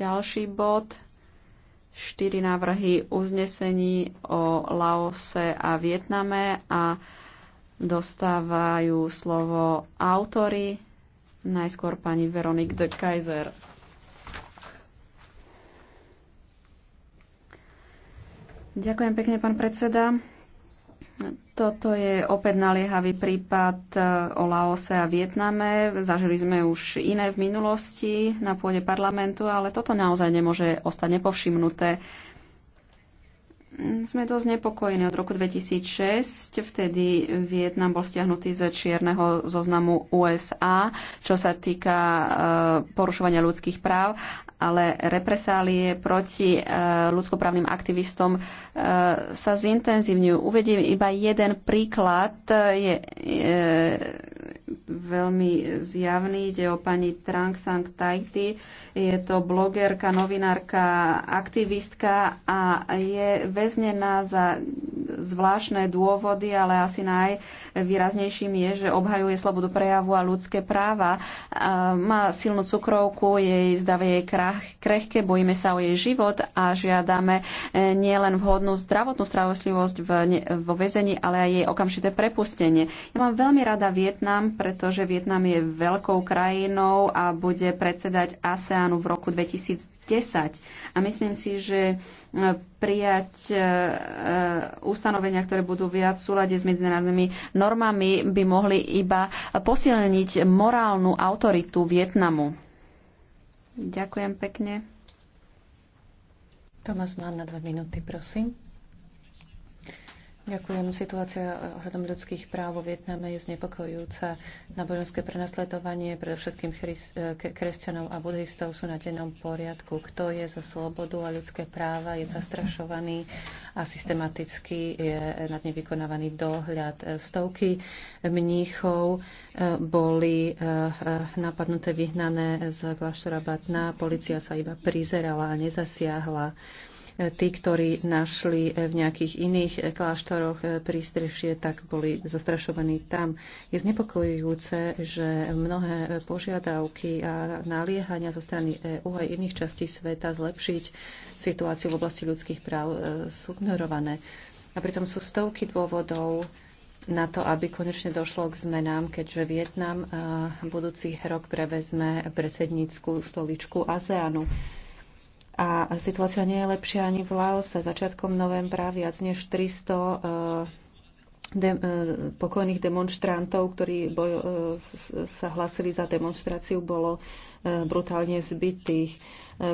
ďalší bod. Štyri návrhy uznesení o Laose a Vietname a dostávajú slovo autory. Najskôr pani Veronik de Kaiser. Ďakujem pekne, pán predseda. Toto je opäť naliehavý prípad e, o Laose a Vietname. Zažili sme už iné v minulosti na pôde parlamentu, ale toto naozaj nemôže ostať nepovšimnuté sme dosť nepokojení od roku 2006. Vtedy Vietnam bol stiahnutý z čierneho zoznamu USA, čo sa týka e, porušovania ľudských práv, ale represálie proti e, ľudskoprávnym aktivistom e, sa zintenzívňujú. Uvediem iba jeden príklad. Je, veľmi zjavný. Ide o pani Trang Sang Taiti. Je to blogerka, novinárka, aktivistka a je väznená za zvláštne dôvody, ale asi najvýraznejším je, že obhajuje slobodu prejavu a ľudské práva. Má silnú cukrovku, jej zdavie jej krehké, bojíme sa o jej život a žiadame e, nielen vhodnú zdravotnú starostlivosť vo väzení, ale aj jej okamžité prepustenie. Ja mám veľmi rada Vietnam, pretože pretože Vietnam je veľkou krajinou a bude predsedať ASEANu v roku 2010. A myslím si, že e, prijať e, e, ustanovenia, ktoré budú viac v súlade s medzinárodnými normami, by mohli iba posilniť morálnu autoritu Vietnamu. Ďakujem pekne. Tomáš má na dve minúty, prosím. Ďakujem. Situácia eh, ohľadom ľudských práv vo Vietname je znepokojujúca. Náboženské prenasledovanie, predovšetkým eh, kresťanov a buddhistov sú na dennom poriadku. Kto je za slobodu a ľudské práva, je zastrašovaný a systematicky je nad ne vykonávaný dohľad. Eh, stovky mníchov boli napadnuté, vyhnané z kláštora Batna. Polícia sa iba prizerala a nezasiahla Tí, ktorí našli v nejakých iných kláštoroch prístrešie, tak boli zastrašovaní tam. Je znepokojujúce, že mnohé požiadavky a naliehania zo strany EU aj iných častí sveta zlepšiť situáciu v oblasti ľudských práv e, sú ignorované. A pritom sú stovky dôvodov, na to, aby konečne došlo k zmenám, keďže Vietnam budúci rok prevezme predsedníckú stoličku ASEANu. A situácia nie je lepšia ani v Laose. Začiatkom novembra viac než 300 eh, de, eh, pokojných demonstrantov, ktorí eh, sa hlasili za demonstráciu, bolo brutálne zbytých.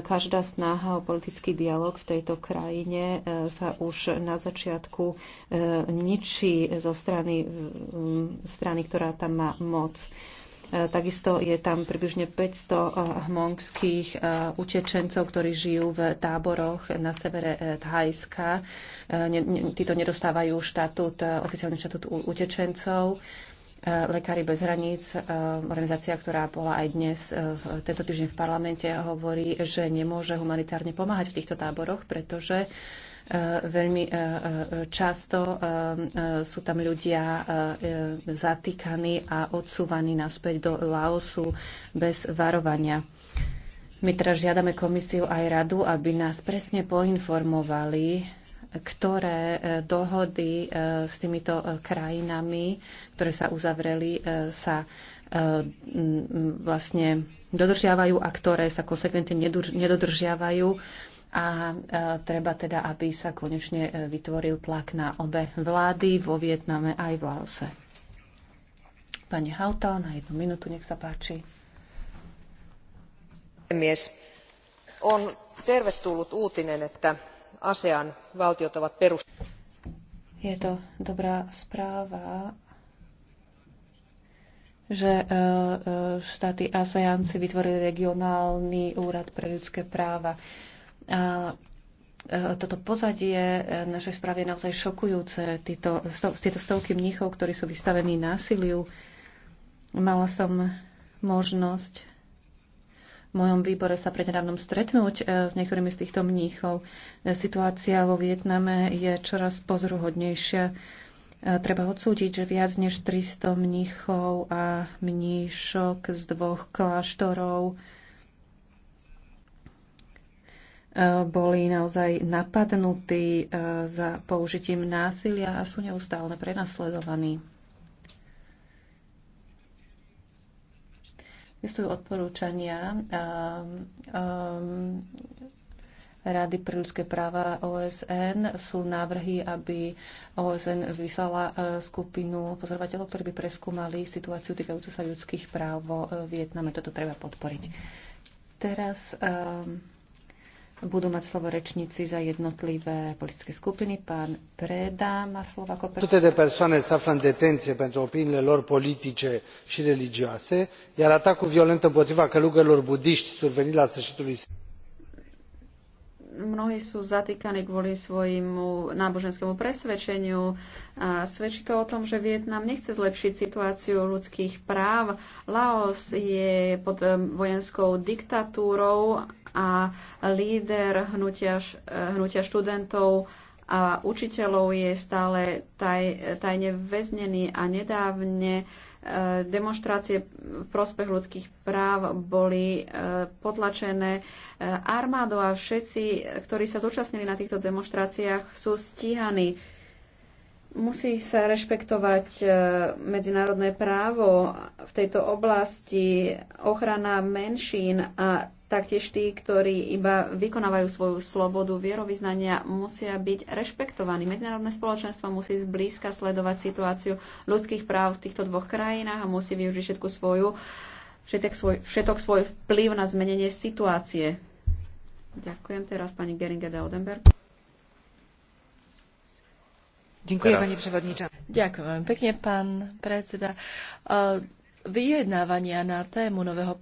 Každá snaha o politický dialog v tejto krajine sa už na začiatku ničí zo strany, strany ktorá tam má moc. E, takisto je tam približne 500 e, hmongských e, utečencov, ktorí žijú v táboroch na severe Thajska. Títo nedostávajú štatút, oficiálny štatút utečencov. Lekári bez hraníc, organizácia, ktorá bola aj dnes tento týždeň v parlamente, hovorí, že nemôže humanitárne pomáhať v týchto táboroch, pretože Eh, veľmi eh, eh, často sú tam ľudia zatýkaní a odsúvaní naspäť do Laosu bez varovania. My teraz žiadame komisiu aj radu, aby nás presne poinformovali, ktoré dohody s týmito krajinami, ktoré sa uzavreli, sa vlastne dodržiavajú a ktoré sa konsekventne nedodržiavajú a e, treba teda, aby sa konečne e, vytvoril tlak na obe vlády vo Vietname aj v Laose. Pani Hautal, na jednu minútu, nech sa páči. Mies. On tervetullut uutinen, että ASEAN valtiot ovat perus... Je to dobrá správa, že e, štáty ASEAN si vytvorili regionálny úrad pre ľudské práva. A toto pozadie e, našej správy je naozaj šokujúce. Tieto, tieto stovky mníchov, ktorí sú vystavení násiliu, mala som možnosť v mojom výbore sa prednedávnom stretnúť e, s niektorými z týchto mníchov. E, situácia vo Vietname je čoraz pozoruhodnejšia. Treba odsúdiť, že viac než 300 mníchov a mníšok z dvoch kláštorov boli naozaj napadnutí e, za použitím násilia a sú neustále prenasledovaní. Existujú odporúčania um, um, Rady pre ľudské práva OSN. Sú návrhy, aby OSN vyslala e, skupinu pozorovateľov, ktorí by preskúmali situáciu týkajúcu sa ľudských práv vo Vietname. Toto treba podporiť. Teraz um, budú mať slovo rečníci za jednotlivé politické skupiny. Pán Preda má slovo ako prvý. Sute persoane sa află în detenție pentru opiniile lor politice și religioase, iar atacul violent împotriva călugărilor budiști survenit la sfârșitul lui mnohí sú zatýkaní kvôli svojmu náboženskému presvedčeniu. A svedčí to o tom, že Vietnam nechce zlepšiť situáciu ľudských práv. Laos je pod eh, vojenskou diktatúrou a líder hnutia, hnutia študentov a učiteľov je stále taj, tajne väznený a nedávne e, demonstrácie v prospech ľudských práv boli e, potlačené e, armádou a všetci, ktorí sa zúčastnili na týchto demonstráciách, sú stíhaní Musí sa rešpektovať e, medzinárodné právo v tejto oblasti, ochrana menšín a taktiež tí, ktorí iba vykonávajú svoju slobodu vierovýznania, musia byť rešpektovaní. Medzinárodné spoločenstvo musí zblízka sledovať situáciu ľudských práv v týchto dvoch krajinách a musí využiť všetku svoju, všetok svoj, všetok svoj vplyv na zmenenie situácie. Ďakujem teraz pani Geringe de Odenberg. Ďakujem, pekne, pán predseda. Vyjednávania na tému nového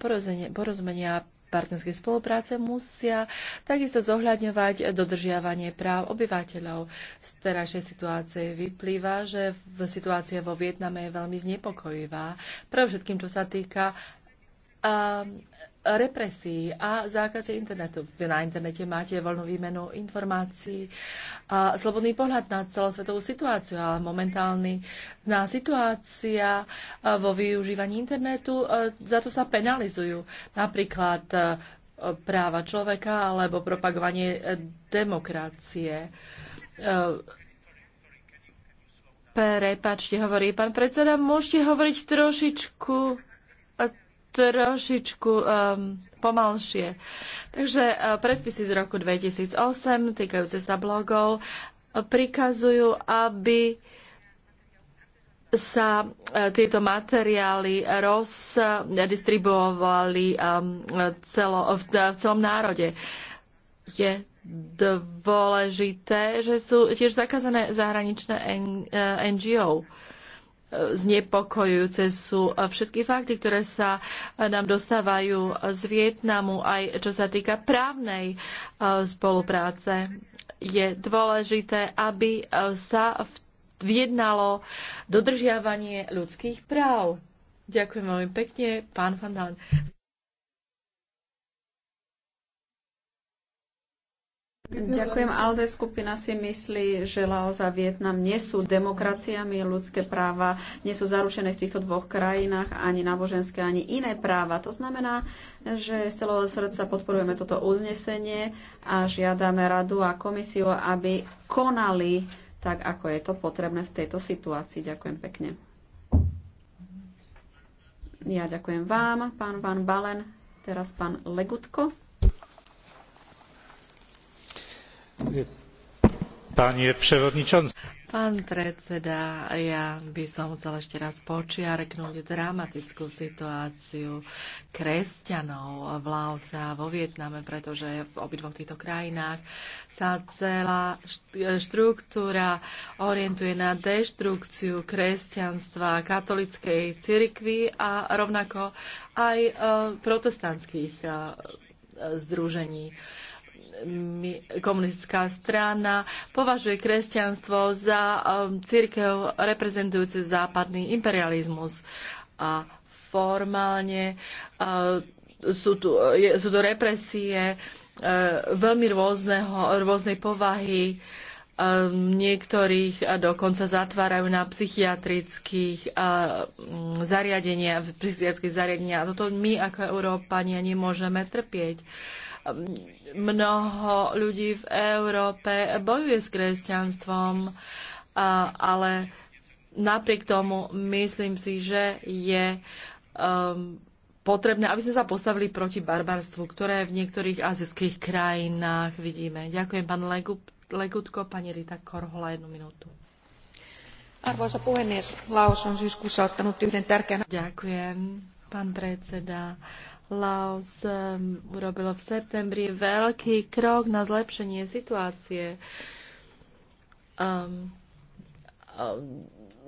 porozumenia partnerskej spolupráce musia takisto zohľadňovať dodržiavanie práv obyvateľov. Z terajšej situácie vyplýva, že situácia vo Vietname je veľmi znepokojivá. Pre všetkým, čo sa týka Ehm, represí a zákazy internetu. Vy Na internete máte voľnú výmenu informácií a slobodný pohľad na celosvetovú situáciu, ale momentálny na situácia e, vo využívaní internetu, e, za to sa penalizujú. Napríklad e, práva človeka alebo propagovanie demokracie. Prepačte, hovorí pán predseda, môžete hovoriť trošičku trošičku um, pomalšie. Takže uh, predpisy z roku 2008 týkajúce sa blogov uh, prikazujú, aby sa e, tieto materiály rozdistribuovali ehm, celo, v, celom národe. Je dôležité, že sú tiež zakázané zahraničné NGO znepokojujúce sú všetky fakty, ktoré sa nám dostávajú z Vietnamu, aj čo sa týka právnej e, spolupráce. Je dôležité, aby e, sa vyjednalo dodržiavanie ľudských práv. Ďakujem veľmi pekne, pán Fandán. Ďakujem. Alde skupina si myslí, že Laos a Vietnam nie sú demokraciami, ľudské práva nie sú zaručené v týchto dvoch krajinách, ani náboženské, ani iné práva. To znamená, že z celého srdca podporujeme toto uznesenie a žiadame radu a komisiu, aby konali tak, ako je to potrebné v tejto situácii. Ďakujem pekne. Ja ďakujem vám, pán Van Balen, teraz pán Legutko. Pán predseda, ja by som chcel ešte raz počiarknúť dramatickú situáciu kresťanov v Laose a vo Vietname, pretože v obidvoch týchto krajinách sa celá štruktúra orientuje na deštrukciu kresťanstva katolickej cirkvi a rovnako aj e, protestantských e, združení komunistická strana považuje kresťanstvo za um, církev reprezentujúce západný imperializmus. A formálne uh, sú tu, sú tu represie uh, veľmi rôzneho, rôznej povahy. Um, niektorých dokonca zatvárajú na psychiatrických uh, mm, zariadenia, psychiatrických zariadenia. A toto my ako Európania nemôžeme trpieť. Ehm, mnoho ľudí v Európe bojuje s kresťanstvom, ale napriek tomu myslím si, že je ehm, potrebné, aby sme sa postavili proti barbarstvu, ktoré v niektorých azijských krajinách vidíme. Ďakujem, pán Legutko, pani Rita Korhola, jednu minútu. Arvoisa puhemies, Laos on syyskuussa ottanut yhden tärkeän... Ďakujem, pán predseda. Laos ehm, urobilo v septembri veľký krok na zlepšenie situácie. Um,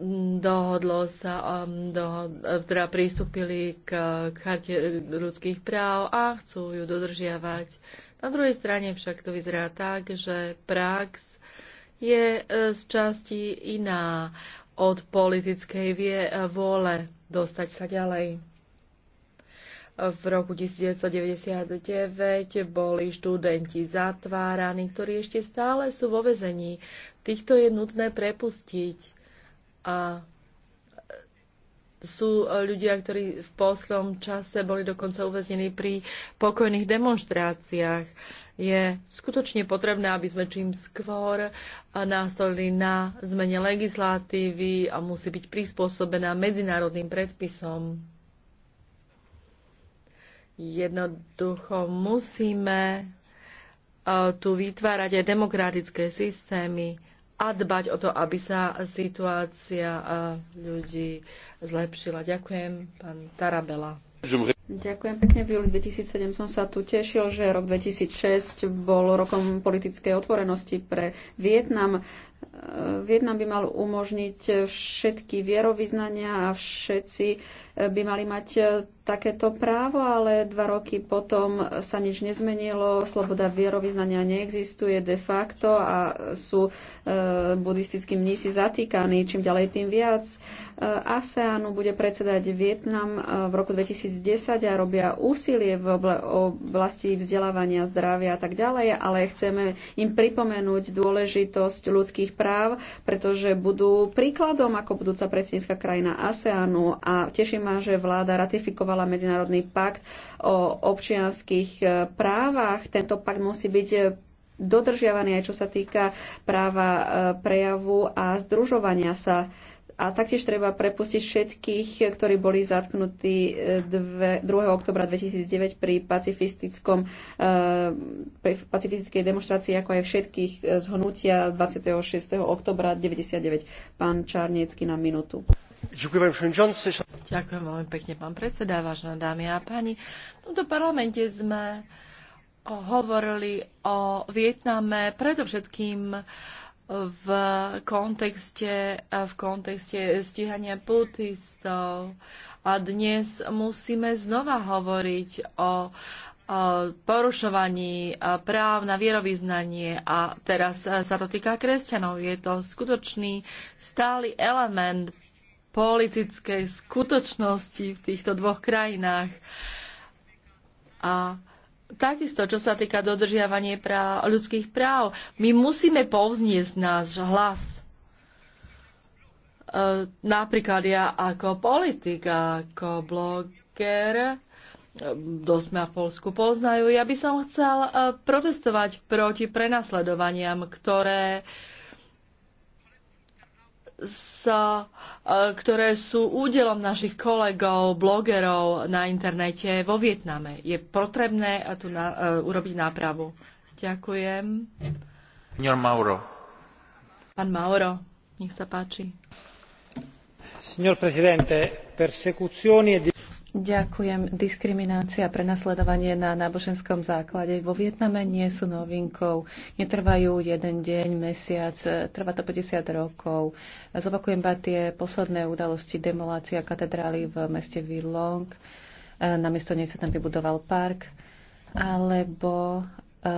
um, dohodlo sa, um, dohod, teda pristúpili k, k charte ľudských práv a chcú ju dodržiavať. Na druhej strane však to vyzerá tak, že prax je e, z časti iná od politickej vie, vôle dostať sa ďalej. V roku 1999 boli študenti zatváraní, ktorí ešte stále sú vo vezení. Týchto je nutné prepustiť. A sú ľudia, ktorí v poslom čase boli dokonca uväznení pri pokojných demonstráciách. Je skutočne potrebné, aby sme čím skôr nastolili na zmene legislatívy a musí byť prispôsobená medzinárodným predpisom. Jednoducho musíme e, tu vytvárať aj demokratické systémy a dbať o to, aby sa situácia e, ľudí zlepšila. Ďakujem, pán Tarabela. Ďakujem pekne. V júli 2007 som sa tu tešil, že rok 2006 bol rokom politickej otvorenosti pre Vietnam. Vietnam by mal umožniť všetky vierovýznania a všetci by mali mať takéto právo, ale dva roky potom sa nič nezmenilo, sloboda vierovýznania neexistuje de facto a sú e, buddhistickí mnísi zatýkaní čím ďalej tým viac. E, ASEANu bude predsedať Vietnam e, v roku 2010 a robia úsilie v oblasti vzdelávania, zdravia a tak ďalej, ale chceme im pripomenúť dôležitosť ľudských ľudských práv, pretože budú príkladom ako budúca predsednícka krajina ASEANu a teší ma, že vláda ratifikovala Medzinárodný pakt o občianských e, právach. Tento pakt musí byť dodržiavaný aj čo sa týka práva e, prejavu a združovania sa. A taktiež treba prepustiť všetkých, ktorí boli zatknutí 2. Eh, oktobra 2009 pri pacifistickom, eh, pri pacifistickej demonstrácii, ako aj všetkých eh, z hnutia 26. oktobra 1999. Pán Čarniecky na minútu. Ďakujem veľmi pekne, pán predseda, vážená dámy a páni. V tomto parlamente sme hovorili o Vietname predovšetkým v kontexte, v kontexte stíhania putistov. A dnes musíme znova hovoriť o porušovaní práv na vierovýznanie a teraz sa to týka kresťanov. Je to skutočný stály element politickej skutočnosti v týchto dvoch krajinách. A Takisto, čo sa týka dodržiavanie práv, ľudských práv, my musíme povzniesť náš hlas. E, napríklad ja ako politik, ako bloger, e, dosť ma v Polsku poznajú, ja by som chcel e, protestovať proti prenasledovaniam, ktoré e, sa, e, ktoré sú údelom našich kolegov, blogerov na internete vo Vietname. Je potrebné tu na, uh, urobiť nápravu. Ďakujem. Signor Mauro. Pán Mauro, nech sa páči. Signor Presidente, persecuzioni e Ďakujem. Diskriminácia a prenasledovanie na náboženskom základe vo Vietname nie sú novinkou. Netrvajú jeden deň, mesiac, trvá to 50 rokov. Zopakujem iba tie posledné udalosti, demolácia katedrály v meste Vilong, namiesto nej sa tam vybudoval park, alebo eh,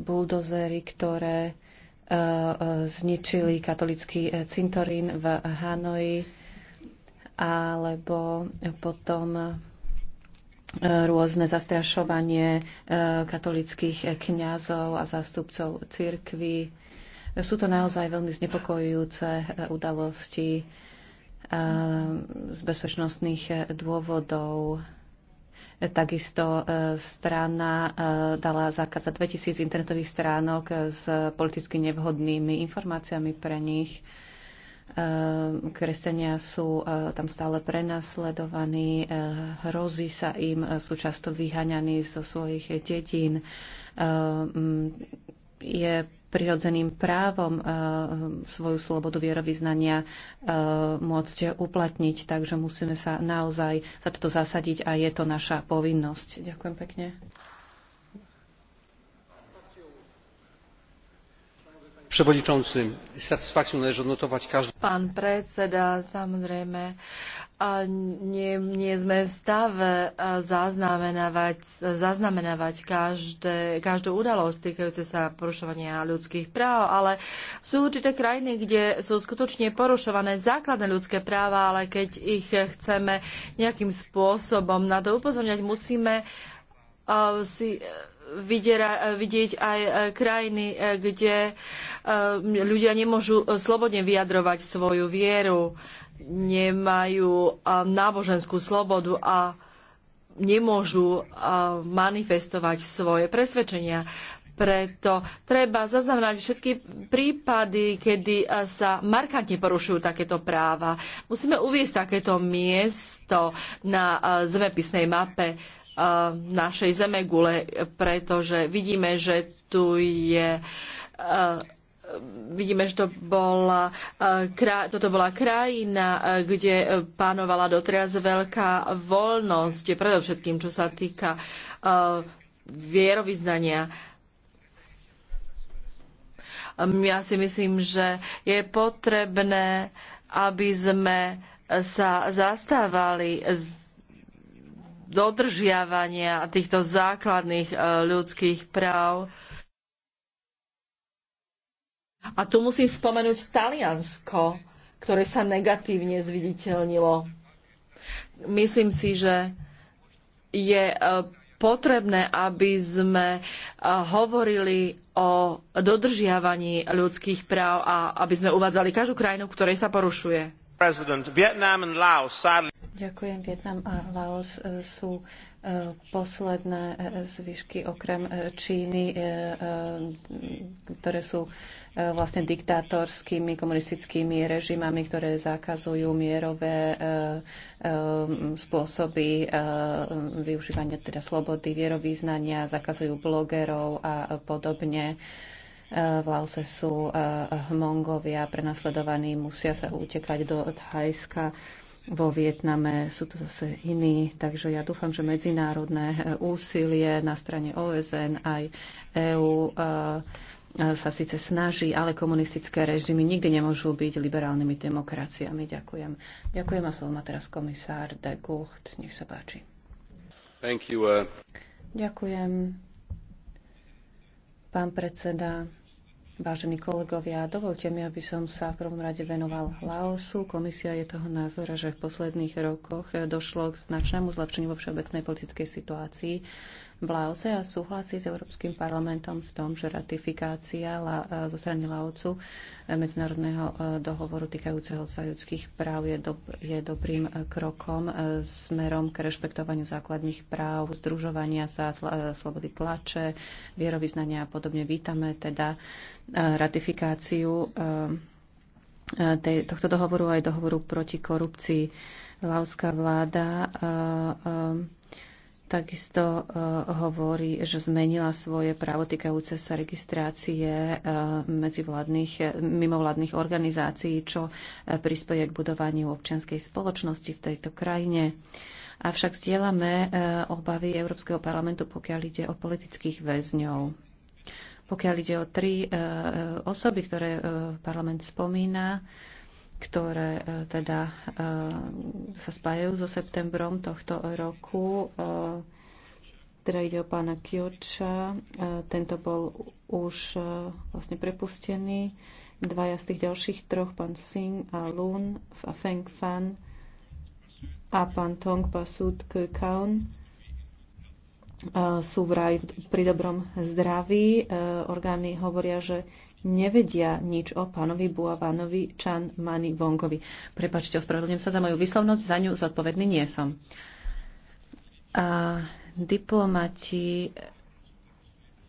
buldozery, ktoré eh, zničili katolický eh, cintorín v Hanoji alebo potom e, rôzne zastrašovanie e, katolických kňazov a zástupcov cirkvy. Sú to naozaj veľmi znepokojujúce e, udalosti z bezpečnostných dôvodov. Takisto strana dala zákaz za 2000 internetových stránok s politicky nevhodnými informáciami pre nich. Ehm, Kresenia sú e, tam stále prenasledovaní, e, hrozí sa im, e, sú často vyhaňaní zo svojich dedín. Ehm, je prirodzeným právom svoju slobodu vierovýznania môcť uplatniť, takže musíme sa naozaj za toto zasadiť a je to naša povinnosť. Ďakujem pekne. Pán predseda, samozrejme, nie, nie sme v stave zaznamenávať, zaznamenávať každé, každú udalosť týkajúce sa porušovania ľudských práv, ale sú určité krajiny, kde sú skutočne porušované základné ľudské práva, ale keď ich chceme nejakým spôsobom na to upozorňať, musíme uh, si uh, vidieť aj e, krajiny, e, kde e, ľudia nemôžu slobodne vyjadrovať svoju vieru, nemajú náboženskú slobodu a nemôžu manifestovať svoje presvedčenia. Preto treba zaznamenať všetky prípady, kedy sa markantne porušujú takéto práva. Musíme uvieť takéto miesto na zemepisnej mape našej zemegule, pretože vidíme, že tu je vidíme, že to bola, toto bola krajina, kde pánovala doteraz veľká voľnosť, predovšetkým čo sa týka vierovýznania. Ja si myslím, že je potrebné, aby sme sa zastávali dodržiavania týchto základných e, ľudských práv. A tu musím spomenúť Taliansko, ktoré sa negatívne zviditeľnilo. Myslím si, že je e, potrebné, aby sme e, hovorili o dodržiavaní ľudských práv a aby sme uvádzali každú krajinu, ktorej sa porušuje. President, Vietnam and Laos sadly Ďakujem. Vietnam a Laos e, sú e, posledné e, zvyšky okrem Číny, ktoré sú vlastne diktátorskými komunistickými režimami, ktoré zakazujú mierové spôsoby využívania teda slobody, vierovýznania, zakazujú blogerov a podobne v Laose sú Mongovia prenasledovaní, musia sa utekať do Thajska vo Vietname sú to zase iní, takže ja dúfam, že medzinárodné eh, úsilie na strane OSN aj EÚ eh, sa síce snaží, ale komunistické režimy nikdy nemôžu byť liberálnymi demokraciami. Ďakujem. Ďakujem a slovo má teraz komisár de Gucht. Nech sa páči. Thank you, uh... Ďakujem. Pán predseda, Vážení kolegovia, dovolte mi, aby som sa v prvom rade venoval Laosu. Komisia je toho názora, že v posledných rokoch došlo k značnému zlepšeniu vo všeobecnej politickej situácii v Laose a súhlasí s Európskym parlamentom v tom, že ratifikácia e, zo strany Laocu e, medzinárodného e, dohovoru týkajúceho sa ľudských práv je, do, je dobrým krokom smerom k rešpektovaniu základných práv, združovania sa, tla- slobody tlače, vierovýznania a podobne. Vítame teda ratifikáciu tej, tohto dohovoru aj dohovoru proti korupcii. Laoská vláda Takisto e, hovorí, že zmenila svoje právo týkajúce sa registrácie e, medzivládnych, e, mimovládnych organizácií, čo prispieje k budovaniu občianskej spoločnosti v tejto krajine. Avšak stielame obavy Európskeho parlamentu, pokiaľ ide o politických väzňov. Pokiaľ ide o tri osoby, ktoré parlament spomína, ktoré e, teda e, sa spájajú so septembrom tohto roku. E, teda ide o pána Kioča. Tento bol už vlastne prepustený. Dvaja z tých ďalších troch, pán Singh a Lun a Feng Fan a pán Tong Pasud Kaun, sú vraj pri dobrom zdraví. Orgány hovoria, že nevedia nič o pánovi Buavanovi Čan Mani Vongovi. Prepačte, ospravedlňujem sa za moju vyslovnosť, za ňu zodpovedný nie som. A diplomati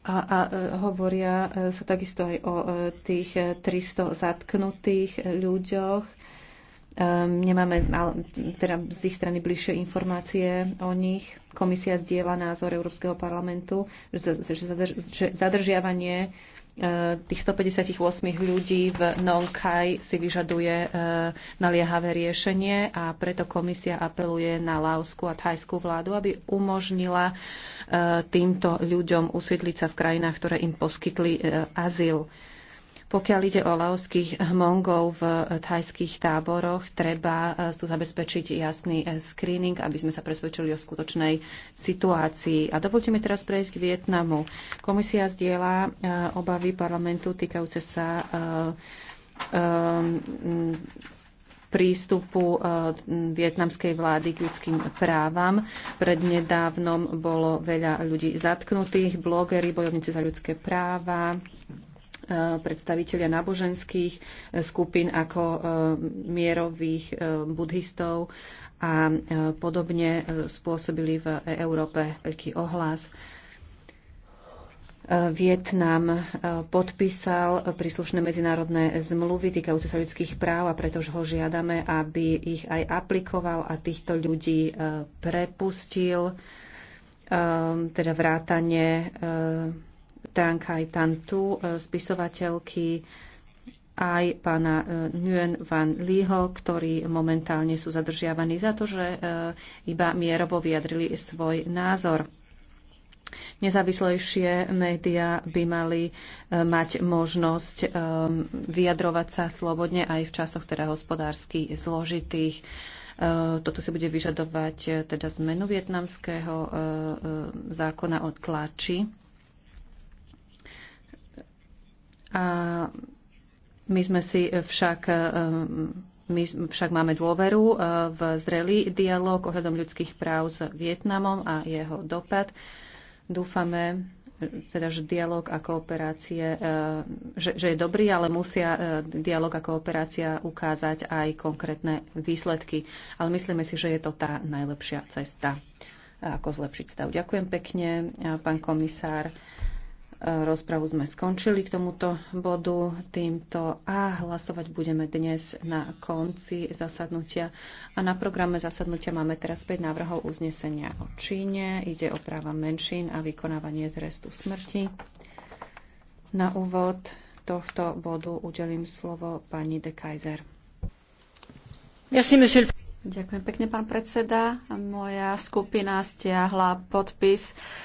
a, a e, hovoria e, sa takisto aj o e, tých 300 zatknutých ľuďoch Ehm, nemáme teda z ich strany bližšie informácie o nich. Komisia zdieľa názor Európskeho parlamentu, že zadržiavanie ehm, tých 158 ľudí v Nong Kai si vyžaduje ehm, naliehavé riešenie a preto komisia apeluje na Laosku a thajskú vládu, aby umožnila týmto ľuďom usídliť sa v krajinách, ktoré im poskytli azyl. Pokiaľ ide o laoských hmongov v thajských táboroch, treba e, tu zabezpečiť jasný e, screening, aby sme sa presvedčili o skutočnej situácii. A dovolte mi teraz prejsť k Vietnamu. Komisia zdieľa e, obavy parlamentu týkajúce sa prístupu vietnamskej vlády k ľudským právam. Prednedávnom bolo veľa ľudí zatknutých, blogery, bojovníci za ľudské práva, Eh, predstavitelia náboženských eh, skupín ako eh, mierových buddhistov a podobne spôsobili v Európe veľký ohlas. Vietnam podpísal príslušné medzinárodné zmluvy týkajúce sa ľudských práv a preto ho žiadame, aby ich aj aplikoval a týchto ľudí prepustil, teda vrátanie Trang Hai Tantu, e, spisovateľky, aj pána e, Nguyen Van Leeho, ktorí momentálne sú zadržiavaní za to, že e, iba mierovo vyjadrili svoj názor. Nezávislejšie médiá by mali mať možnosť vyjadrovať sa slobodne aj v časoch teda hospodársky zložitých. Toto si bude vyžadovať teda zmenu vietnamského zákona o tlači a my sme si však e, my však máme dôveru e, v zrelý dialog ohľadom ľudských práv s Vietnamom a jeho dopad. Dúfame, teda, že dialog a kooperácie, e, že, že je dobrý, ale musia dialog a kooperácia ukázať aj konkrétne výsledky. Ale myslíme si, že je to tá najlepšia cesta, ako zlepšiť stav. Ďakujem pekne, pán komisár. Rozpravu sme skončili k tomuto bodu týmto a hlasovať budeme dnes na konci zasadnutia. A na programe zasadnutia máme teraz 5 návrhov uznesenia o Číne. Ide o práva menšín a vykonávanie trestu smrti. Na úvod tohto bodu udelím slovo pani de Kaiser. Merci, monsieur. Ďakujem pekne, pán predseda. Moja skupina stiahla podpis